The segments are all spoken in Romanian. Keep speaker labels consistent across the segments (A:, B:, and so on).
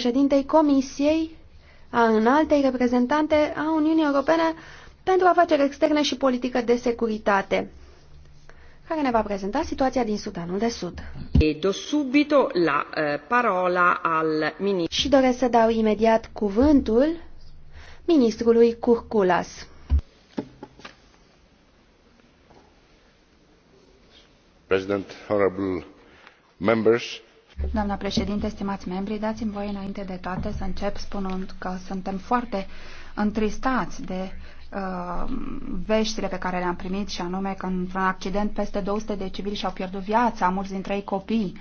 A: președintei Comisiei, a înaltei reprezentante a Uniunii Europene pentru afaceri externe și politică de securitate, care ne va prezenta situația din Sudanul de Sud.
B: Do subito la eh, parola al ministru.
A: Și doresc să dau imediat cuvântul ministrului Curculas.
C: President, honorable members,
D: Doamna președinte, stimați membri, dați-mi voie înainte de toate să încep spunând că suntem foarte întristați de uh, veștile pe care le-am primit și anume că într-un accident peste 200 de civili și-au pierdut viața, mulți dintre ei copii,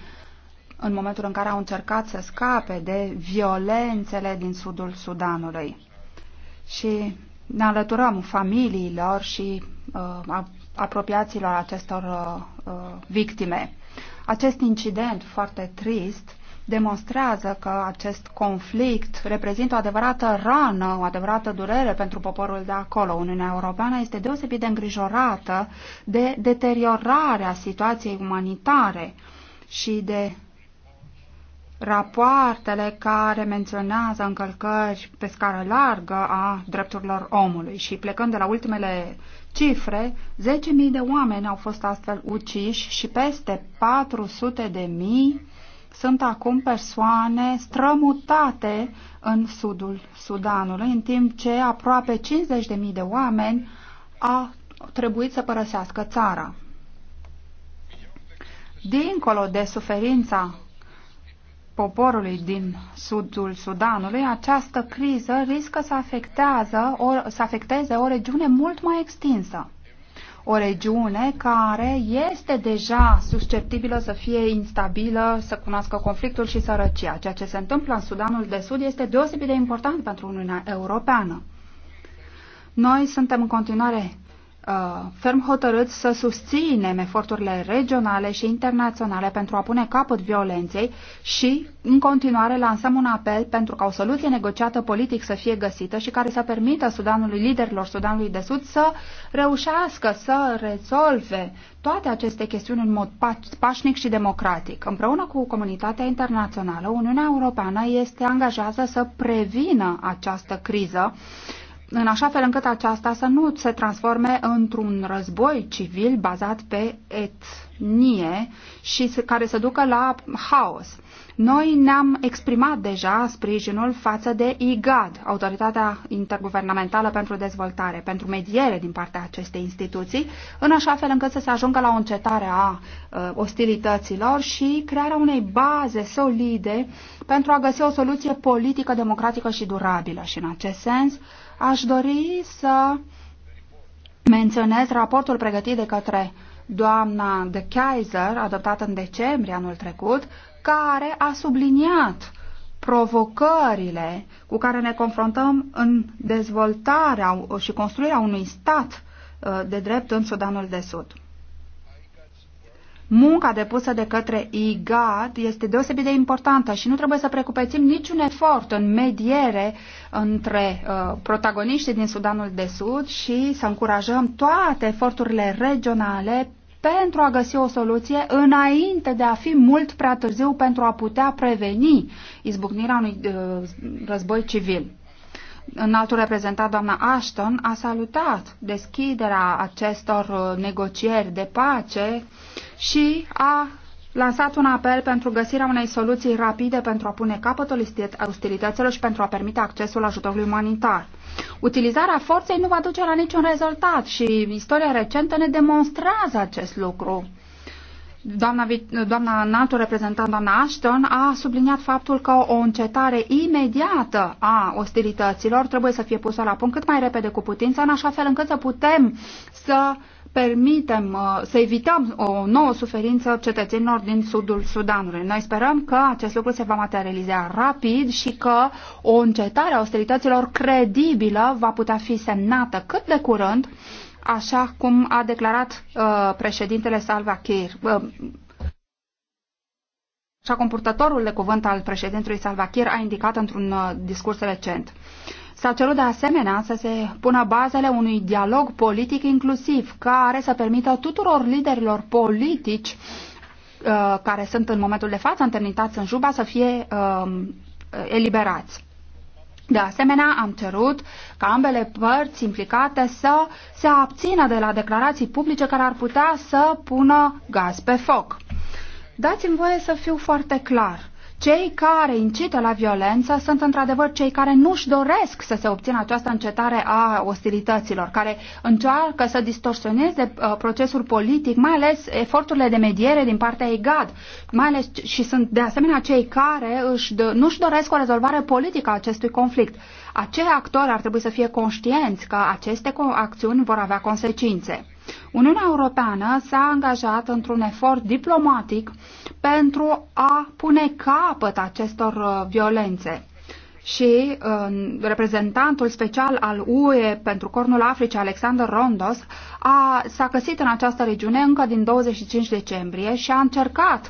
D: în momentul în care au încercat să scape de violențele din sudul Sudanului. Și ne alăturăm familiilor și uh, apropiaților acestor uh, uh victime. Acest incident foarte trist demonstrează că acest conflict reprezintă o adevărată rană, o adevărată durere pentru poporul de acolo. Uniunea Europeană este deosebit de îngrijorată de deteriorarea situației umanitare și de rapoartele care menționează încălcări pe scară largă a drepturilor omului și plecând de la ultimele cifre, 10.000 de oameni au fost astfel uciși și peste 400.000 sunt acum persoane strămutate în sudul Sudanului, în timp ce aproape 50.000 de oameni au trebuit să părăsească țara. Dincolo de suferința poporului din sudul Sudanului, această criză riscă să, afectează, o, să afecteze o regiune mult mai extinsă. O regiune care este deja susceptibilă să fie instabilă, să cunoască conflictul și sărăcia. Ceea ce se întâmplă în Sudanul de Sud este deosebit de important pentru Uniunea Europeană. Noi suntem în continuare Uh, ferm hotărât să susținem eforturile regionale și internaționale pentru a pune capăt violenței și, în continuare, lansăm un apel pentru ca o soluție negociată politic să fie găsită și care să permită Sudanului, liderilor Sudanului de Sud să reușească să rezolve toate aceste chestiuni în mod pașnic și democratic. Împreună cu comunitatea internațională, Uniunea Europeană este angajată să prevină această criză în așa fel încât aceasta să nu se transforme într-un război civil bazat pe etnie și care să ducă la haos. Noi ne-am exprimat deja sprijinul față de IGAD, Autoritatea Interguvernamentală pentru Dezvoltare, pentru mediere din partea acestei instituții, în așa fel încât să se ajungă la o încetare a uh, ostilităților și crearea unei baze solide pentru a găsi o soluție politică, democratică și durabilă. Și în acest sens, uh, Aș dori să menționez raportul pregătit de către doamna de Kaiser, adoptat în decembrie anul trecut, care a subliniat provocările cu care ne confruntăm în dezvoltarea și construirea unui stat uh, de drept în Sudanul de Sud. Munca depusă de către IGAD este deosebit de importantă și nu trebuie să precupețim niciun efort în mediere între uh, protagoniștii din Sudanul de Sud și să încurajăm toate eforturile regionale pentru a găsi o soluție înainte de a fi mult prea târziu pentru a putea preveni izbucnirea unui uh, război civil. altul reprezentat, doamna Ashton, a salutat deschiderea acestor uh, negocieri de pace uh, și a lansat un apel pentru găsirea unei soluții rapide pentru a pune capătul ostilităților și pentru a permite accesul ajutorului umanitar. Utilizarea forței nu va duce la niciun rezultat și istoria recentă ne demonstrează acest lucru. Doamna, doamna înaltul reprezentant, doamna Ashton, a subliniat faptul că o încetare imediată a ostilităților trebuie să fie pusă la punct cât mai repede cu putință, în așa fel încât să putem să uh, permitem, uh, să evităm o nouă suferință cetățenilor din sudul Sudanului. Noi sperăm că acest lucru se va materializa rapid și că o încetare a austerităților credibilă va putea fi semnată cât de curând, așa cum a declarat uh, președintele Salva Kiir. Uh, așa cum purtătorul de cuvânt al președintelui Salva Kiir a indicat într-un uh, discurs recent. Uh, S-a cerut de asemenea să se pună bazele unui dialog politic inclusiv care să permită tuturor liderilor politici uh, care sunt în momentul de față întâlnitați în Juba să fie um, eliberați. De asemenea, am cerut ca ambele părți implicate să se abțină de la declarații publice care ar putea să pună gaz pe foc. Dați-mi voie să fiu foarte clar. Cei care incită la violență sunt într-adevăr cei care nu-și doresc să se obțină această încetare a ostilităților, care încearcă să distorsioneze uh, procesul politic, mai ales eforturile de mediere din partea EGAD, mai ales și sunt de asemenea cei care își, nu-și doresc o rezolvare politică a acestui conflict. Acei actori ar trebui să fie conștienți că aceste acțiuni vor avea consecințe. Uniunea Europeană s-a angajat într-un efort diplomatic pentru a pune capăt acestor uh, violențe și uh, reprezentantul special al UE pentru Cornul Africii, Alexander Rondos, a, s-a găsit în această regiune încă din 25 decembrie și a încercat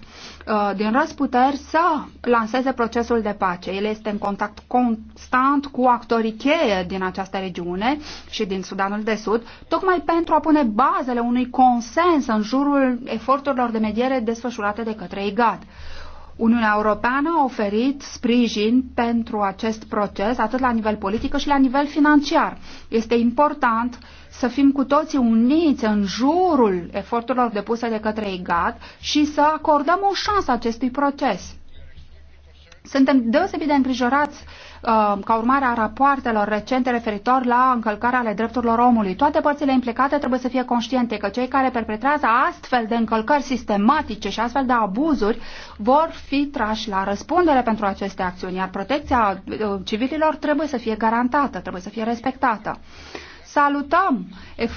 D: Uh, din răsputeri să lanseze procesul de pace. El este în contact constant cu actorii cheie din această regiune și din Sudanul de Sud, tocmai pentru a pune bazele unui consens în jurul eforturilor de mediere desfășurate de către IGAD. Uniunea Europeană a oferit sprijin pentru acest proces, atât la nivel politic cât și la nivel financiar. Este important să fim cu toții uniți în jurul eforturilor depuse de către IGAD și să acordăm o șansă acestui proces. Suntem deosebit de îngrijorați uh, Um, ca urmare a rapoartelor recente referitor la încălcarea ale drepturilor omului. Toate părțile implicate trebuie să fie conștiente că cei care perpetrează astfel de încălcări sistematice și astfel de abuzuri vor fi trași la răspundere pentru aceste acțiuni, iar protecția uh, civililor trebuie să fie garantată, trebuie să fie respectată. Salutăm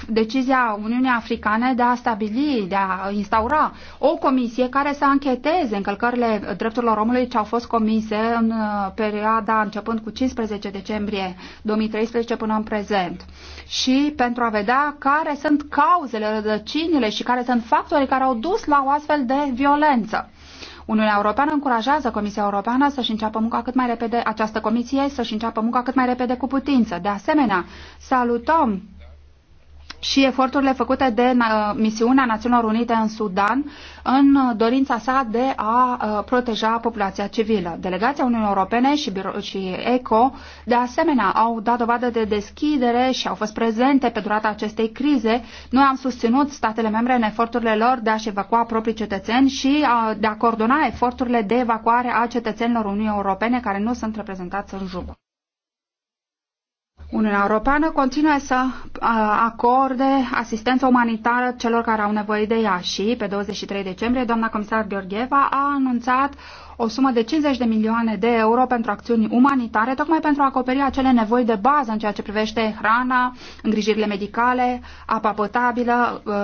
D: decizia Uniunii Africane de a stabili, de a instaura o comisie care să ancheteze încălcările drepturilor omului ce au fost comise în uh, perioada începând cu 15 decembrie 2013 până în prezent și pentru a vedea care sunt cauzele, rădăcinile și care sunt factorii care au dus la o astfel de violență. Uniunea Europeană încurajează Comisia Europeană să-și înceapă munca cât mai repede, această comisie să-și înceapă munca cât mai repede cu putință. De asemenea, salutăm și eforturile făcute de uh, misiunea Națiunilor Unite în Sudan în uh, dorința sa de a uh, proteja populația civilă. Delegația Uniunii Europene și, și ECO de asemenea au dat dovadă de deschidere și au fost prezente pe durata acestei crize. Noi am susținut statele membre în eforturile lor de a-și evacua proprii cetățeni și de a coordona eforturile de evacuare a cetățenilor Uniunii Europene care nu sunt reprezentați în jur. Uniunea Europeană continuă să acorde asistență umanitară celor care au nevoie de ea și pe 23 decembrie doamna comisar Gheorgheva a anunțat o sumă de 50 de milioane de euro pentru acțiuni umanitare, tocmai pentru a acoperi acele nevoi de bază în ceea ce privește hrana, îngrijirile medicale, apa potabilă, ă,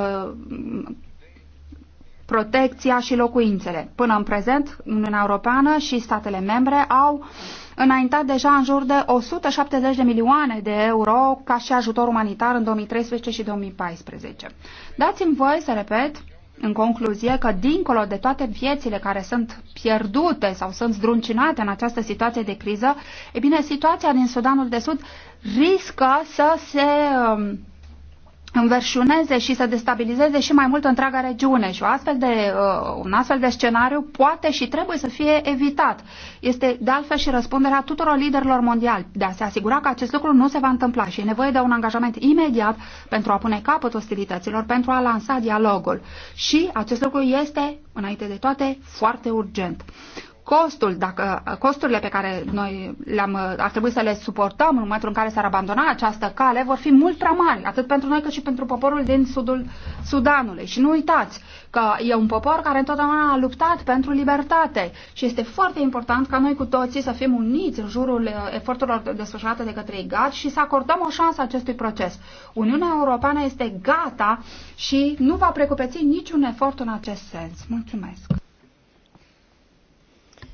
D: protecția și locuințele. Până în prezent, Uniunea Europeană și statele membre au uh, înaintat deja în jur de 170 de milioane de euro ca și ajutor umanitar în 2013 și 2014. Dați-mi voie să repet în concluzie că dincolo de toate viețile care sunt pierdute sau sunt zdruncinate în această situație de criză, e bine, situația din Sudanul de Sud riscă să se um, înverșuneze și să destabilizeze și mai mult întreaga regiune și o astfel de, uh, un astfel de scenariu poate și trebuie să fie evitat. Este de altfel și răspunderea tuturor liderilor mondiali de a se asigura că acest lucru nu se va întâmpla și e nevoie de un angajament imediat pentru a pune capăt ostilităților, pentru a lansa dialogul. Și acest lucru este, înainte de toate, foarte urgent costul, dacă, costurile pe care noi le-am, ar trebui să le suportăm în momentul în care s-ar abandona această cale vor fi mult prea mari, atât pentru noi cât și pentru poporul din sudul Sudanului. Și nu uitați că e un popor care întotdeauna a luptat pentru libertate și este foarte important ca noi cu toții să fim uniți în jurul uh, eforturilor desfășurate de către IGAT și să acordăm o șansă acestui proces. Uniunea Europeană este gata și nu va precupeți niciun efort în acest sens. Mulțumesc!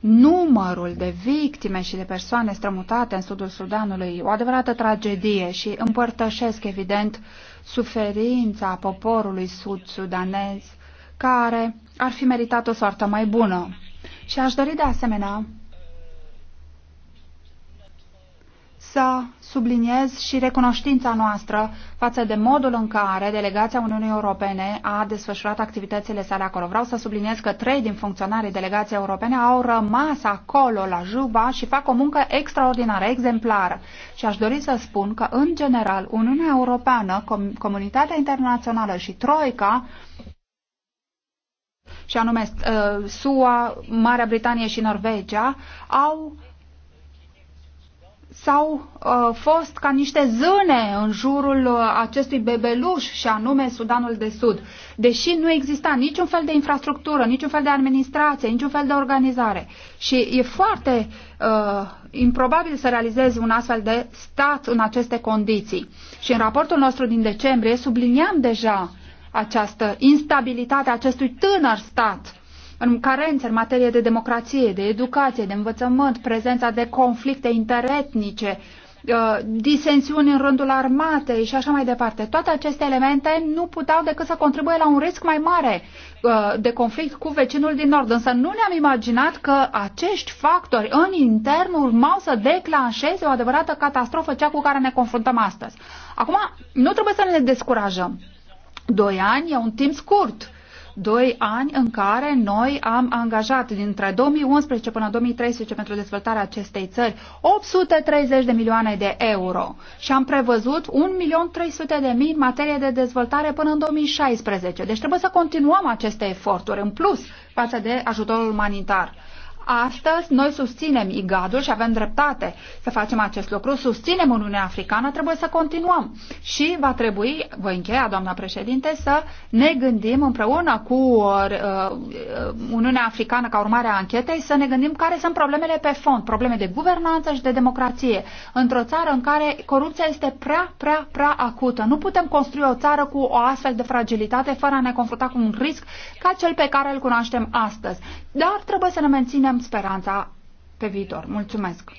D: numărul de victime și de persoane strămutate în sudul Sudanului, o adevărată tragedie și împărtășesc, evident, suferința poporului sud-sudanez, care ar fi meritat o soartă mai bună. Și aș dori de asemenea să subliniez și recunoștința noastră față de modul în care delegația Uniunii Europene a desfășurat activitățile sale acolo. Vreau să subliniez că trei din funcționarii delegației europene au rămas acolo la Juba și fac o muncă extraordinară, exemplară. Și aș dori să spun că, în general, Uniunea Europeană, com- comunitatea internațională și Troica și anume uh, SUA, Marea Britanie și Norvegia, au s-au uh, fost ca niște zâne în jurul uh, acestui bebeluș și anume Sudanul de Sud. Deși nu exista niciun fel de infrastructură, niciun fel de administrație, niciun fel de organizare. Și e foarte uh, improbabil să realizezi un astfel de stat în aceste condiții. Și în raportul nostru din decembrie subliniam deja această instabilitate a acestui tânăr stat în carențe în materie de democrație, de educație, de învățământ, prezența de conflicte interetnice, uh, disensiuni în rândul armatei și așa mai departe. Toate aceste elemente nu puteau decât să contribuie la un risc mai mare uh, de conflict cu vecinul din nord. Însă nu ne-am imaginat că acești factori în intern urmau să declanșeze o adevărată catastrofă, cea cu care ne confruntăm astăzi. Acum, nu trebuie să ne descurajăm. Doi ani e un timp scurt doi ani în care noi am angajat dintre 2011 până 2013 pentru dezvoltarea acestei țări 830 de milioane de euro și am prevăzut 1.300.000 în materie de dezvoltare până în 2016. Deci trebuie să continuăm aceste eforturi în plus față de ajutorul umanitar. Astăzi noi susținem IGAD-ul și avem dreptate să facem acest lucru, susținem Uniunea Africană, trebuie să continuăm și va trebui, voi încheia, doamna președinte, să ne gândim împreună cu uh, uh, Uniunea Africană ca urmare a anchetei, să ne gândim care sunt problemele pe fond, probleme de guvernanță și de democrație, într-o țară în care corupția este prea, prea, prea acută. Nu putem construi o țară cu o astfel de fragilitate fără a ne confrunta cu un risc ca cel pe care îl cunoaștem astăzi. Dar trebuie să ne menținem avem speranța pe viitor. Mulțumesc!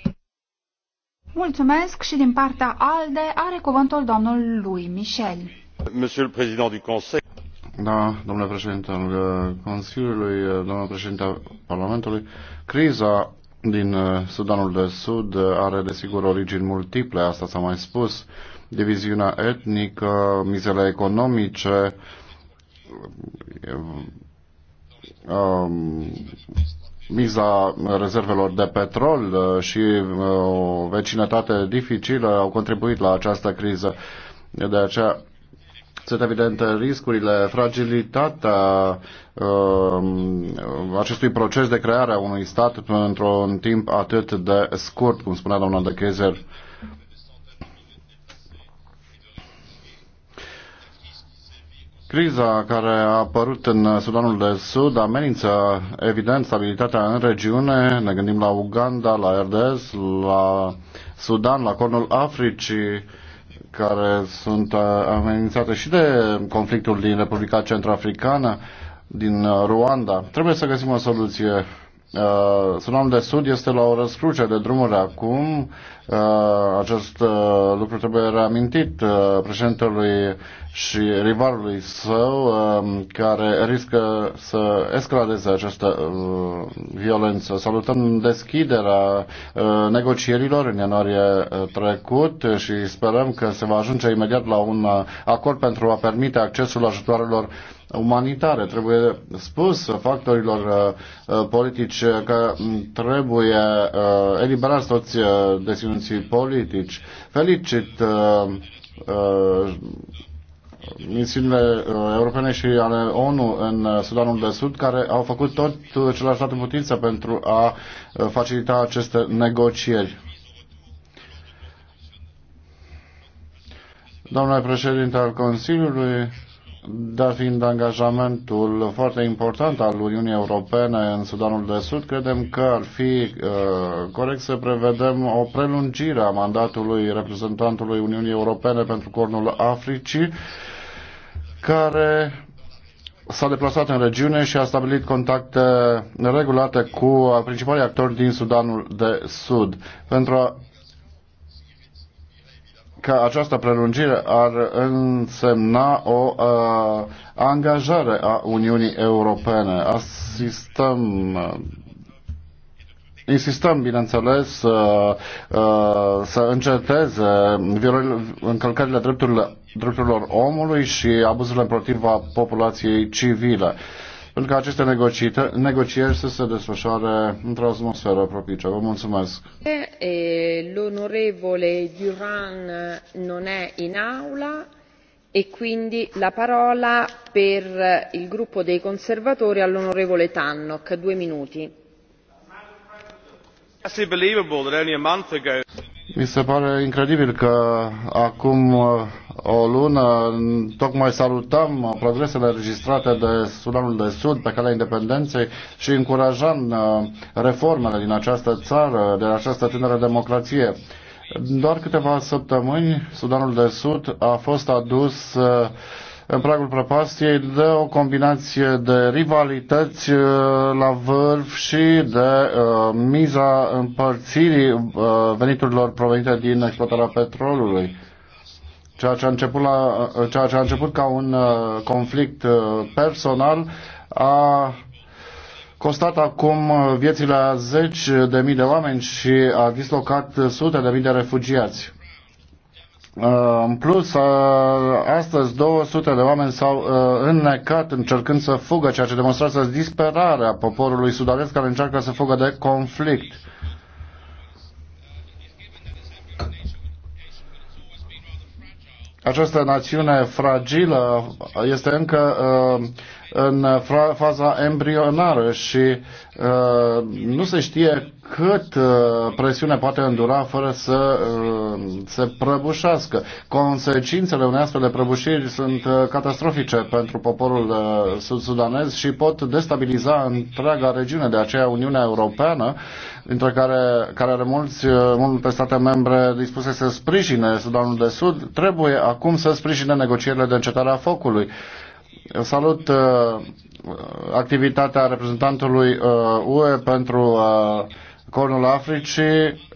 D: Mulțumesc și din partea ALDE are cuvântul domnul lui Michel.
C: Monsieur le Président du Conseil. Da, domnule președinte al uh, Consiliului, uh, domnule președinte al Parlamentului, criza din uh, Sudanul de Sud are desigur origini multiple, asta s-a mai spus, diviziunea etnică, mizele economice, um, miza rezervelor de petrol uh, și uh, o vecinătate dificilă au contribuit la această criză. De aceea sunt evidente riscurile, fragilitatea uh, acestui proces de creare a unui stat într-un timp atât de scurt, cum spunea doamna de Kaiser. Criza care a apărut în Sudanul de Sud amenință evident stabilitatea în regiune. Ne gândim la Uganda, la RDS, la Sudan, la Cornul Africii, care sunt uh, amenințate și de conflictul din Republica Centrafricană, din Ruanda. Trebuie să găsim o soluție Uh, Sudan de Sud este la o răscruce de drumuri acum. Uh, acest uh, lucru trebuie reamintit uh, președintelui și rivalului său, uh, care riscă să escaladeze această uh, violență. Salutăm deschiderea uh, negocierilor în ianuarie uh, trecut și sperăm că se va ajunge imediat la un uh, acord pentru a permite accesul ajutoarelor uh, umanitare. Trebuie spus factorilor uh, uh, politici uh, că mm, trebuie eliberați toți deținuții politici. Felicit misiunile europene și ale ONU în Sudanul de Sud, care au făcut tot ce le-a stat în putință pentru a facilita aceste negocieri. Domnule președinte al Consiliului, dar fiind angajamentul foarte important al Uniunii Europene în Sudanul de Sud, credem că ar fi uh, corect să prevedem o prelungire a mandatului reprezentantului Uniunii Europene pentru Cornul Africii, care s-a deplasat în regiune și a stabilit contacte regulate cu principalii actori din Sudanul de Sud pentru a că această prelungire ar însemna o uh, angajare a Uniunii Europene. Asistăm uh, Insistăm, bineînțeles, uh, uh, să înceteze încălcările drepturilor, drepturilor omului și abuzurile împotriva populației civile pentru că aceste negocieri să se desfășoare într-o atmosferă propice. Vă mulțumesc.
B: L'onorevole Duran non è in aula e quindi la parola
D: per il gruppo dei conservatori all'onorevole Tannock, due minuti.
C: Mi se pare incredibil că acum o lună tocmai salutam progresele registrate de Sudanul de Sud pe calea independenței și încurajam uh, reformele din această țară, de această tânără democrație. Doar câteva săptămâni, Sudanul de Sud a fost adus uh, în pragul prăpastiei de o combinație de rivalități uh, la vârf și de miza împărțirii veniturilor provenite din exploatarea petrolului. Ceea ce a început, la, ceea ce a început ca un uh, conflict uh, personal a costat acum uh, viețile a zeci de mii de oameni și a dislocat sute de mii de refugiați. În plus, astăzi 200 de oameni s-au înnecat încercând să fugă, ceea ce demonstrează disperarea poporului sudanez care încearcă să fugă de conflict. această națiune fragilă este încă uh, în faza embrionară și uh, nu se știe cât uh, presiune poate îndura fără să uh, se prăbușească. Consecințele unei astfel de prăbușiri sunt catastrofice pentru poporul sud-sudanez și pot destabiliza întreaga regiune. De aceea Uniunea Europeană, între care, care are mulți, multe state membre dispuse să sprijine Sudanul de Sud, trebuie acum să sprijine negocierile de încetare a focului. Salut uh, activitatea reprezentantului UE uh, pentru uh, Cornul Africii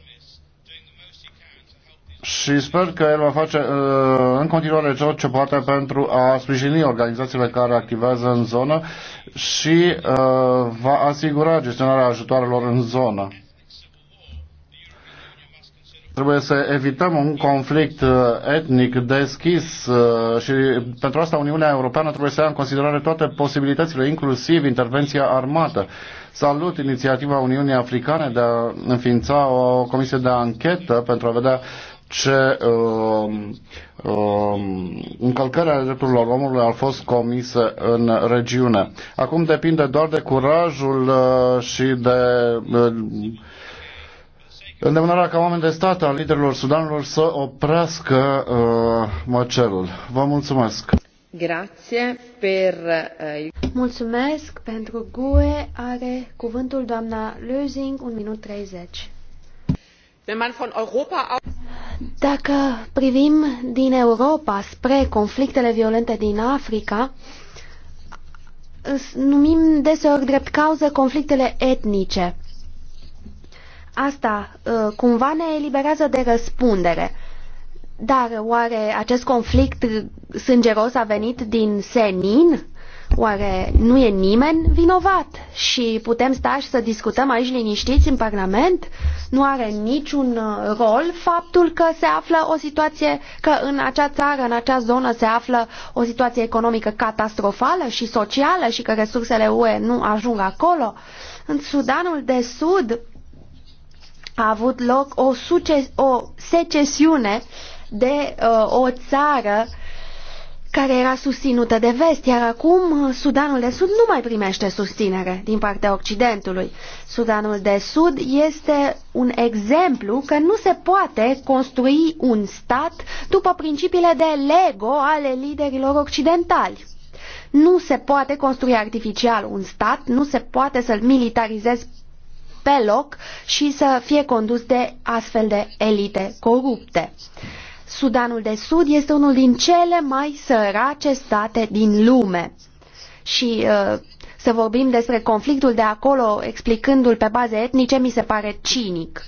C: și sper că el va face uh, în continuare tot ce poate pentru a sprijini organizațiile care activează în zonă și uh, va asigura gestionarea ajutoarelor în zonă. Trebuie să evităm un conflict uh, etnic deschis uh, și pentru asta Uniunea Europeană trebuie să ia în considerare toate posibilitățile, inclusiv intervenția armată. Salut inițiativa Uniunii Africane de a înființa o comisie de anchetă pentru a vedea ce uh, uh, încălcări ale drepturilor omului au fost comise în regiune. Acum depinde doar de curajul uh, și de uh, îndemnarea ca oameni de stat al liderilor sudanilor să oprească uh, măcelul. Vă mulțumesc!
B: Grazie
D: per... Uh,
A: mulțumesc pentru GUE. Are cuvântul doamna Lösing, un minut 30. Dacă privim din Europa spre conflictele violente din Africa, numim deseori drept cauză conflictele etnice. Asta ă, cumva ne eliberează de răspundere. Dar oare acest conflict sângeros a venit din senin? Oare nu e nimeni vinovat și putem sta și să discutăm aici liniștiți în Parlament? Nu are niciun ă, rol faptul că se află o situație, că în acea țară, în acea zonă se află o situație economică catastrofală și socială și că resursele UE nu ajung acolo? În Sudanul de Sud a avut loc o, suces, o secesiune de uh, o țară care era susținută de vest, iar acum uh, Sudanul de Sud nu mai primește susținere din partea Occidentului. Sudanul de Sud este un exemplu că nu se poate construi un stat după principiile de Lego ale liderilor occidentali. Nu se poate construi artificial un stat, nu se poate să-l militarizezi pe loc și să fie condus de astfel de elite corupte. Sudanul de Sud este unul din cele mai sărace state din lume. Și uh, să vorbim despre conflictul de acolo explicându-l pe baze etnice mi se pare cinic.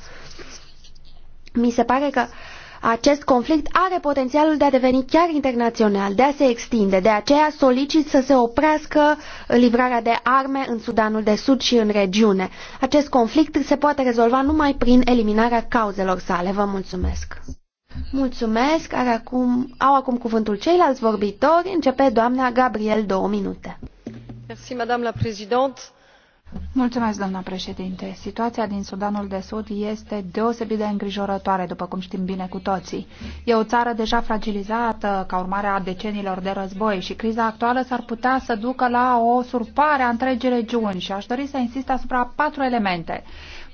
A: Mi se pare că uh, acest conflict are potențialul de a deveni chiar internațional, de a se extinde. De aceea solicit să se oprească livrarea de arme în Sudanul de Sud și în regiune. Acest conflict se poate rezolva numai prin eliminarea cauzelor sale. Vă mulțumesc! Mulțumesc! Are acum, au acum cuvântul ceilalți vorbitori. Începe doamna Gabriel două minute.
D: Mulțumesc. madame la présidente Mulțumesc, doamna președinte. Situația din Sudanul de Sud este deosebit de îngrijorătoare, după cum știm bine cu toții. E o țară deja fragilizată ca urmare a deceniilor de război și criza actuală s-ar putea să ducă la o surpare a întregii regiuni și aș dori să insist asupra patru elemente.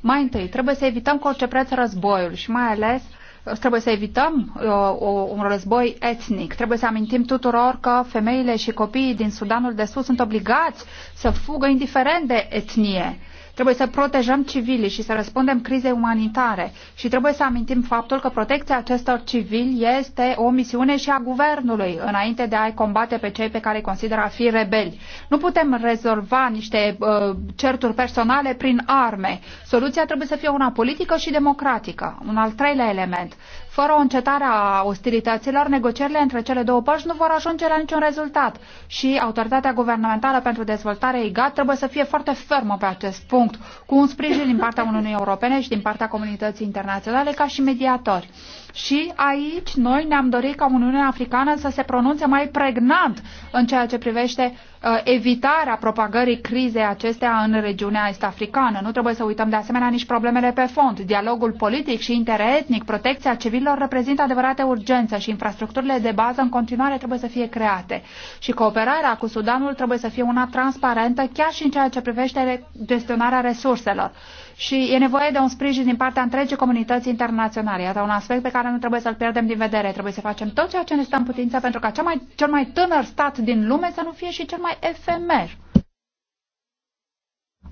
D: Mai întâi, trebuie să evităm cu orice preț războiul și mai ales trebuie să evităm uh, un război etnic. Trebuie să amintim tuturor că femeile și copiii din Sudanul de Sud sunt obligați să fugă indiferent de etnie. Trebuie să protejăm civilii și să răspundem crizei umanitare și trebuie să amintim faptul că protecția acestor civili este o misiune și a guvernului înainte de a-i combate pe cei pe care îi consideră a fi rebeli. Nu putem rezolva niște uh, certuri personale prin arme. Soluția trebuie să fie una politică și democratică. Un al treilea element. Fără o încetare a ostilităților, negocierile între cele două părți nu vor ajunge la niciun rezultat și Autoritatea Guvernamentală pentru Dezvoltare IGAT trebuie să fie foarte fermă pe acest punct, cu un sprijin din partea Uniunii Europene și din partea comunității internaționale ca și mediatori. Și aici noi ne-am dorit ca Uniunea Africană să se pronunțe mai pregnant în ceea ce privește uh, evitarea propagării crizei acestea în regiunea est-africană. Nu trebuie să uităm de asemenea nici problemele pe fond. Dialogul politic și interetnic, protecția civililor reprezintă adevărate urgență și infrastructurile de bază în continuare trebuie să fie create. Și cooperarea cu Sudanul trebuie să fie una transparentă chiar și în ceea ce privește gestionarea resurselor și e nevoie de un sprijin din partea întregii comunității internaționale. Iată un aspect pe care nu trebuie să-l pierdem din vedere. Trebuie să facem tot ceea ce ne stă în putință pentru ca cel mai, cel mai tânăr stat din lume să nu fie și cel mai efemer.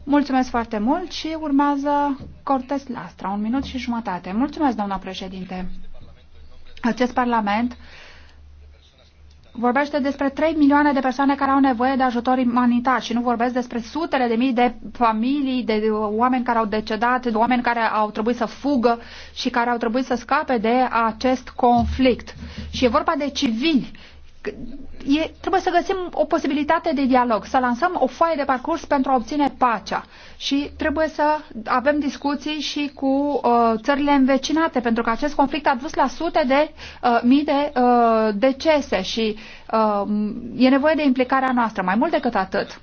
D: Mulțumesc foarte mult și urmează Cortes Lastra, un minut și jumătate. Mulțumesc, doamna președinte. Acest parlament vorbește despre 3 milioane de persoane care au nevoie de ajutor umanitar și nu vorbesc despre sutele de mii de familii, de oameni care au decedat, de oameni care au trebuit să fugă și care au trebuit să scape de acest conflict. Și e vorba de civili e, trebuie să găsim o posibilitate de dialog, să lansăm o foaie de parcurs pentru a obține pacea și trebuie să avem discuții și cu uh, țările învecinate, pentru că acest conflict a dus la sute de uh, mii de uh, decese și uh, e nevoie de implicarea noastră, mai mult decât atât.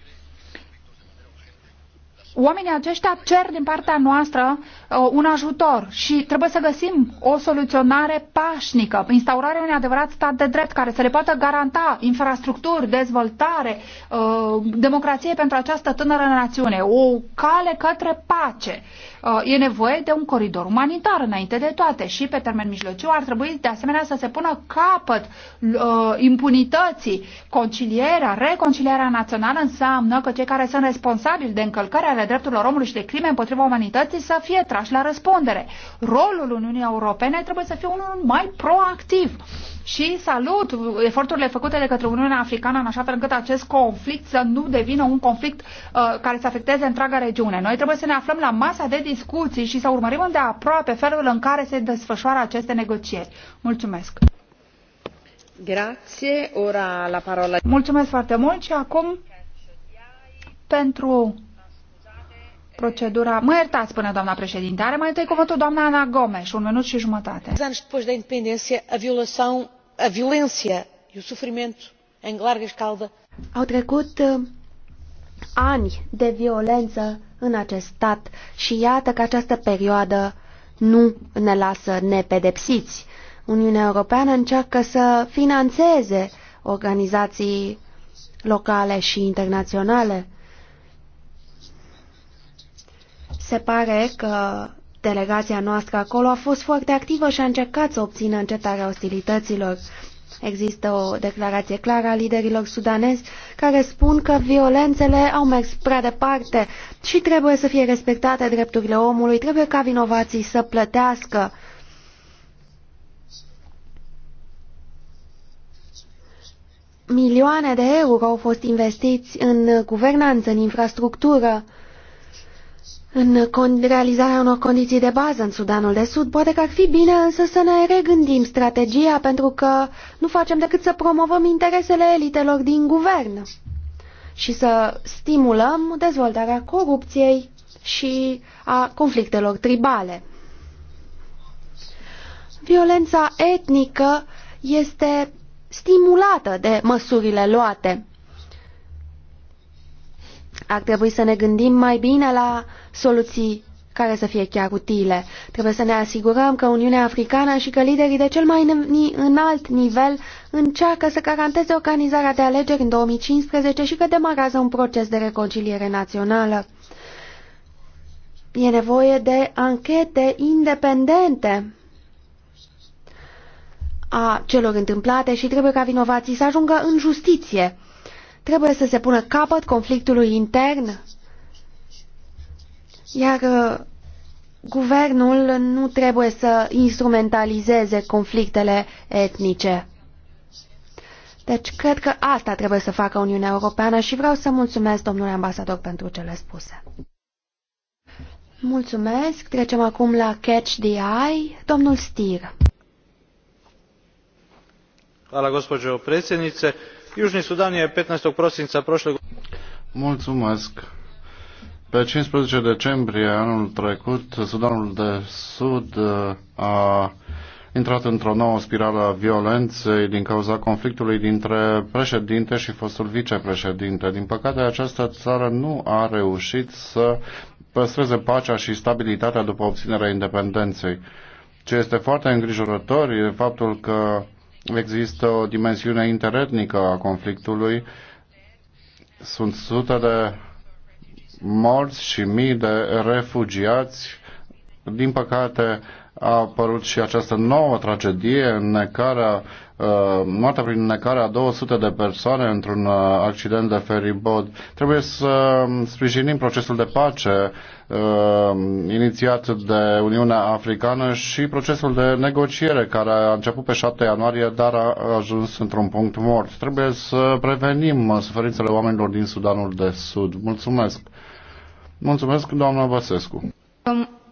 D: Oamenii aceștia cer din partea noastră uh, un ajutor și trebuie să găsim o soluționare pașnică, instaurarea unui adevărat stat de drept care să le poată garanta infrastructuri, dezvoltare, uh, democrație pentru această tânără națiune, o cale către pace. Uh, Uh, e nevoie de un coridor umanitar înainte de toate și pe termen mijlociu ar trebui de asemenea să se pună capăt uh, impunității. Concilierea, reconcilierea națională înseamnă că cei care sunt responsabili de încălcarea ale drepturilor omului și de crime împotriva umanității să fie trași la răspundere. Rolul Uniunii Europene trebuie să fie unul mai proactiv și salut eforturile făcute de către Uniunea Africană în așa fel încât acest conflict să nu devină un conflict uh, care să afecteze întreaga regiune. Noi trebuie să ne aflăm la masa de discuții și să urmărim îndeaproape felul în care se desfășoară aceste negocieri. Mulțumesc! Grazie, ora la parola. Mulțumesc foarte mult și acum pentru procedura. Mă iertați, până doamna președinte. Are mai întâi cuvântul doamna Ana Gomes, un minut și jumătate.
A: anos depois da independência, a violação, a violência e o sofrimento em larga escala. Au trecut uh, ani de violență în acest stat și iată că această perioadă nu ne lasă nepedepsiți. Uniunea Europeană încearcă să financeze organizații locale și internaționale. Se pare că delegația noastră acolo a fost foarte activă și a încercat să obțină încetarea ostilităților. Există o declarație clară a liderilor sudanezi care spun că violențele au mers prea departe și trebuie să fie respectate drepturile omului, trebuie ca vinovații să plătească. Milioane de euro au fost investiți în guvernanță, în infrastructură, în realizarea unor condiții de bază în Sudanul de Sud, poate că ar fi bine însă să ne regândim strategia pentru că nu facem decât să promovăm interesele elitelor din guvern și să stimulăm dezvoltarea corupției și a conflictelor tribale. Violența etnică este stimulată de măsurile luate. Ar trebui să ne gândim mai bine la soluții care să fie chiar utile. Trebuie să ne asigurăm că Uniunea Africană și că liderii de cel mai înalt nivel încearcă să garanteze organizarea de alegeri în 2015 și că demarează un proces de reconciliere națională. E nevoie de anchete independente a celor întâmplate și trebuie ca vinovații să ajungă în justiție. Trebuie să se pună capăt conflictului intern, iar uh, guvernul nu trebuie să instrumentalizeze conflictele etnice. Deci cred că asta trebuie să facă Uniunea Europeană și vreau să mulțumesc domnului ambasador pentru cele spuse. Mulțumesc. Trecem acum la Catch the Eye. Domnul Stir.
E: Hvala, gospođo predsjednice južni sudan je. 15 prosinca prošle
C: godine. pe 15 decembrie anul trecut, Sudanul de Sud uh, a intrat într-o nouă spirală a violenței din cauza conflictului dintre președinte și fostul vicepreședinte. Din păcate, această țară nu a reușit să păstreze pacea și stabilitatea după obținerea independenței. Ce este foarte îngrijorător e faptul că Există o dimensiune interetnică a conflictului. Sunt sute de morți și mii de refugiați. Din păcate, a apărut și această nouă tragedie, necarea, uh, moartea prin necare a 200 de persoane într-un uh, accident de feribod. Trebuie să um, sprijinim procesul de pace um, inițiat de Uniunea Africană și procesul de negociere care a început pe 7 ianuarie, dar a ajuns într-un punct mort. Trebuie să prevenim uh, suferințele oamenilor din Sudanul de Sud. Mulțumesc! Mulțumesc, doamna Băsescu!
B: Um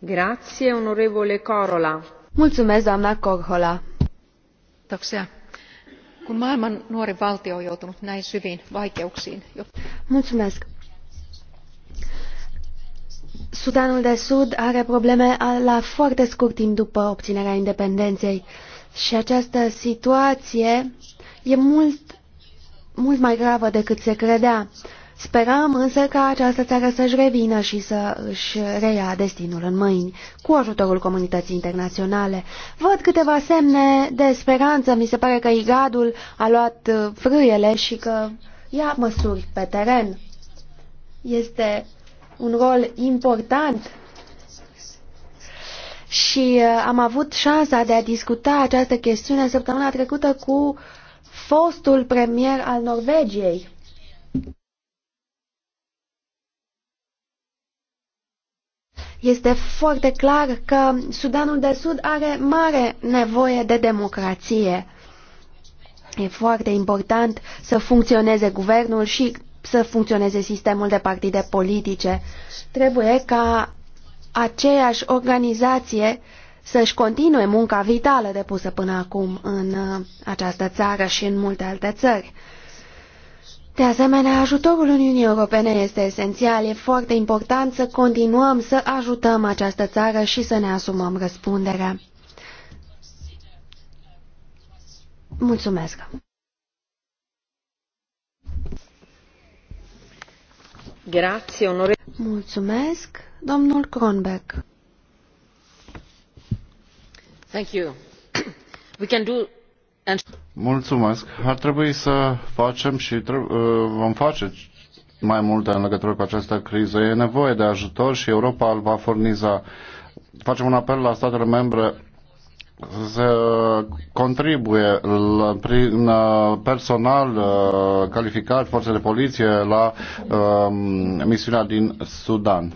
D: Grazie, onorevole Corola.
A: Mulțumesc, doamna Corhola.
D: Kiitoksia. Kun maailman nuori valtio on joutunut näin syviin vaikeuksiin.
A: Sudanul de Sud are probleme la foarte scurt timp după obținerea independenței și această situație e mult, mult mai gravă decât se credea. Sperăm însă ca această țară să-și revină și să își reia destinul în mâini, cu ajutorul comunității internaționale. Văd câteva semne de speranță, mi se pare că Igadul a luat uh, frâiele și că ia măsuri pe teren. Este un rol important și uh, am avut șansa de a discuta această chestiune săptămâna trecută cu fostul premier al Norvegiei Este foarte clar că Sudanul de Sud are mare nevoie de democrație. E foarte important să funcționeze guvernul și să funcționeze sistemul de partide politice. Trebuie ca aceeași organizație să-și continue munca vitală depusă până acum în uh, această țară și în multe alte țări. De asemenea, ajutorul Uniunii Europene este esențial. E foarte important să continuăm să ajutăm această țară și să ne asumăm răspunderea. Mulțumesc! Grazie, onore... Mulțumesc, domnul Kronbeck.
B: Thank you. We can do...
A: And...
C: Mulțumesc. Ar trebui să facem și uh, vom face mai multe în legătură cu această criză. E nevoie de ajutor și Europa îl va furniza. Facem un apel la statele membre să contribuie prin uh, personal uh, calificat, forțe de poliție, la um, misiunea din Sudan.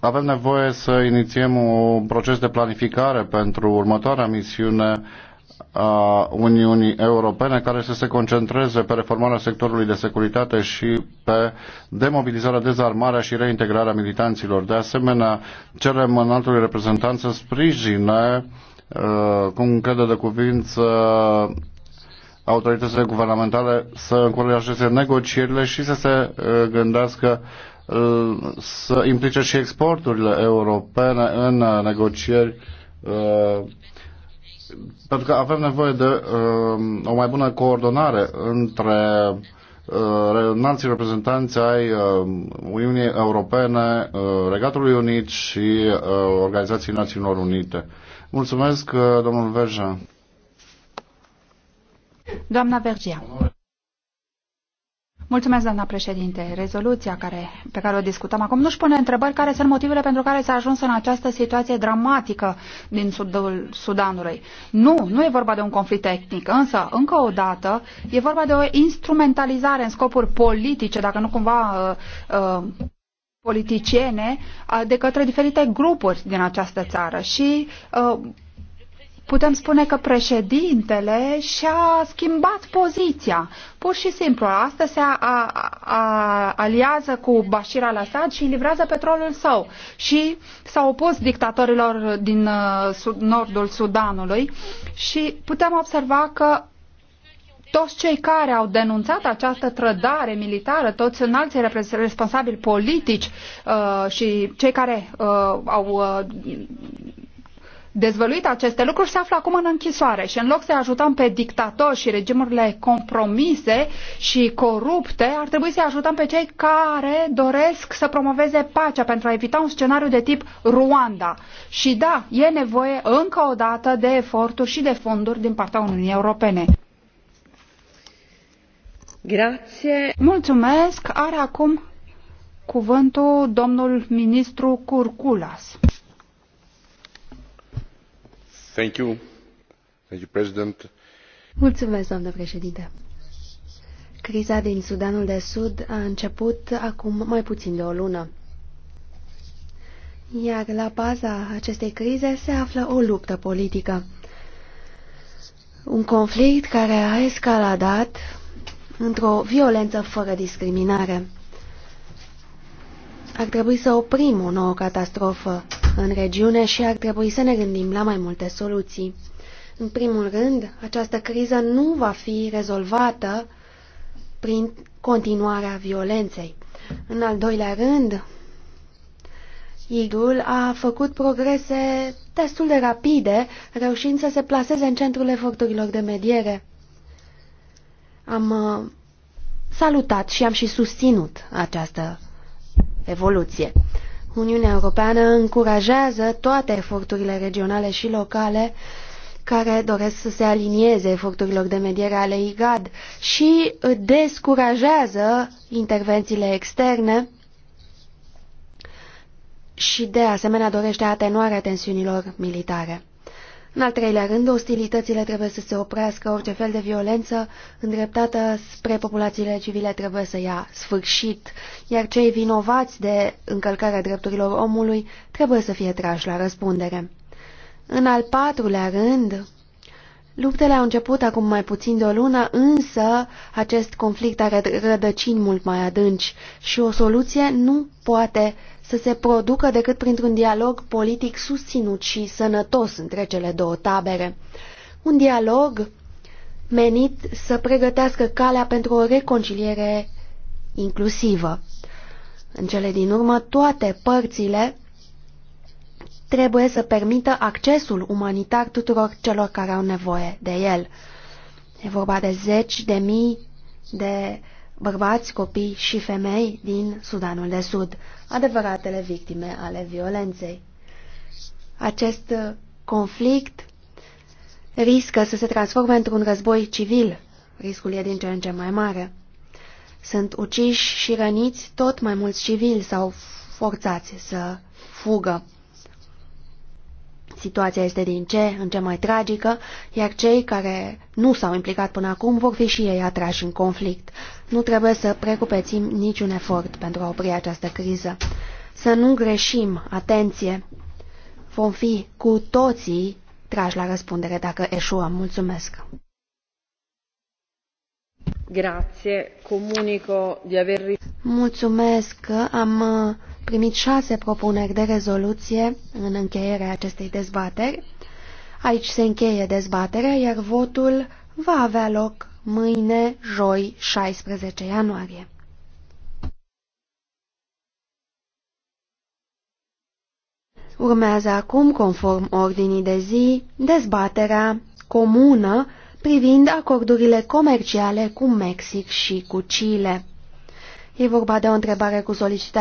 C: Avem nevoie să inițiem un proces de planificare pentru următoarea misiune a Uniunii Europene care să se concentreze pe reformarea sectorului de securitate și pe demobilizarea, dezarmarea și reintegrarea militanților. De asemenea, cerem înaltului reprezentant să sprijine uh, cu încredere de cuvință autoritățile guvernamentale să încurajeze negocierile și să se uh, gândească uh, să implice și exporturile europene în negocieri pentru că avem nevoie de uh, o mai bună coordonare între uh, reprezentanți ai uh, Uniunii Europene, uh, Regatului Unit și uh, Organizației Națiunilor Unite. Mulțumesc, uh, domnul Verja.
D: Doamna Vergia. Mulțumesc, doamna președinte. Rezoluția care, pe care o discutăm acum nu-și pune întrebări care sunt motivele pentru care s-a ajuns în această situație dramatică din sudul Sudanului. Nu, nu e vorba de un conflict etnic, însă, încă o dată, e vorba de o instrumentalizare în scopuri politice, dacă nu cumva uh, uh, politiciene, uh, de către diferite grupuri din această țară. Și uh, putem spune că președintele și-a schimbat poziția. Pur și simplu, astăzi se a, a, a, aliază cu Bashir al-Assad și livrează petrolul său. Și s-a opus dictatorilor din uh, sud, nordul Sudanului și putem observa că toți cei care au denunțat această trădare militară, toți înalții responsabili politici uh, și cei care uh, au uh, dezvăluit aceste lucruri se află acum în închisoare și în loc să-i ajutăm pe dictatori și regimurile compromise și corupte, ar trebui să-i ajutăm pe cei care doresc să promoveze pacea pentru a evita un scenariu de tip Ruanda. Și da, e nevoie încă o dată de eforturi și de fonduri din partea Uniunii Europene. Grazie. Mulțumesc. Are acum cuvântul domnul ministru Curculas.
A: Mulțumesc, președinte. Criza din Sudanul de Sud a început acum mai puțin de o lună. Iar la baza acestei crize se află o luptă politică. Un conflict care a escaladat într-o violență fără discriminare. Ar trebui să oprim o nouă catastrofă în regiune și ar trebui să ne gândim la mai multe soluții. În primul rând, această criză nu va fi rezolvată prin continuarea violenței. În al doilea rând, Idul a făcut progrese destul de rapide, reușind să se plaseze în centrul eforturilor de mediere. Am uh, salutat și am și susținut această evoluție. Uniunea Europeană încurajează toate eforturile regionale și locale care doresc să se alinieze eforturilor de mediere ale IGAD și descurajează intervențiile externe și de asemenea dorește atenuarea tensiunilor militare. În al treilea rând, ostilitățile trebuie să se oprească, orice fel de violență îndreptată spre populațiile civile trebuie să ia sfârșit, iar cei vinovați de încălcarea drepturilor omului trebuie să fie trași la răspundere. În al patrulea rând, luptele au început acum mai puțin de o lună, însă acest conflict are rădăcini mult mai adânci și o soluție nu poate să se producă decât printr-un dialog politic susținut și sănătos între cele două tabere. Un dialog menit să pregătească calea pentru o reconciliere inclusivă. În cele din urmă, toate părțile trebuie să permită accesul umanitar tuturor celor care au nevoie de el. E vorba de zeci de mii de bărbați, copii și femei din Sudanul de Sud, adevăratele victime ale violenței. Acest uh, conflict riscă să se transforme într-un război civil. Riscul e din ce în ce mai mare. Sunt uciși și răniți tot mai mulți civili sau forțați să fugă situația este din ce în ce mai tragică, iar cei care nu s-au implicat până acum vor fi și ei atrași în conflict. Nu trebuie să precupețim niciun efort pentru a opri această criză. Să nu greșim, atenție! Vom fi cu toții trași la răspundere dacă eșuăm. Mulțumesc!
B: Grazie. Comunico di aver...
A: Mulțumesc am uh, primit șase propuneri de rezoluție în încheierea acestei dezbateri. Aici se încheie dezbaterea, iar votul va avea loc mâine, joi, 16 ianuarie. Urmează acum, conform ordinii de zi, dezbaterea comună privind acordurile comerciale cu Mexic și cu Chile. E vorba de o întrebare cu solicitare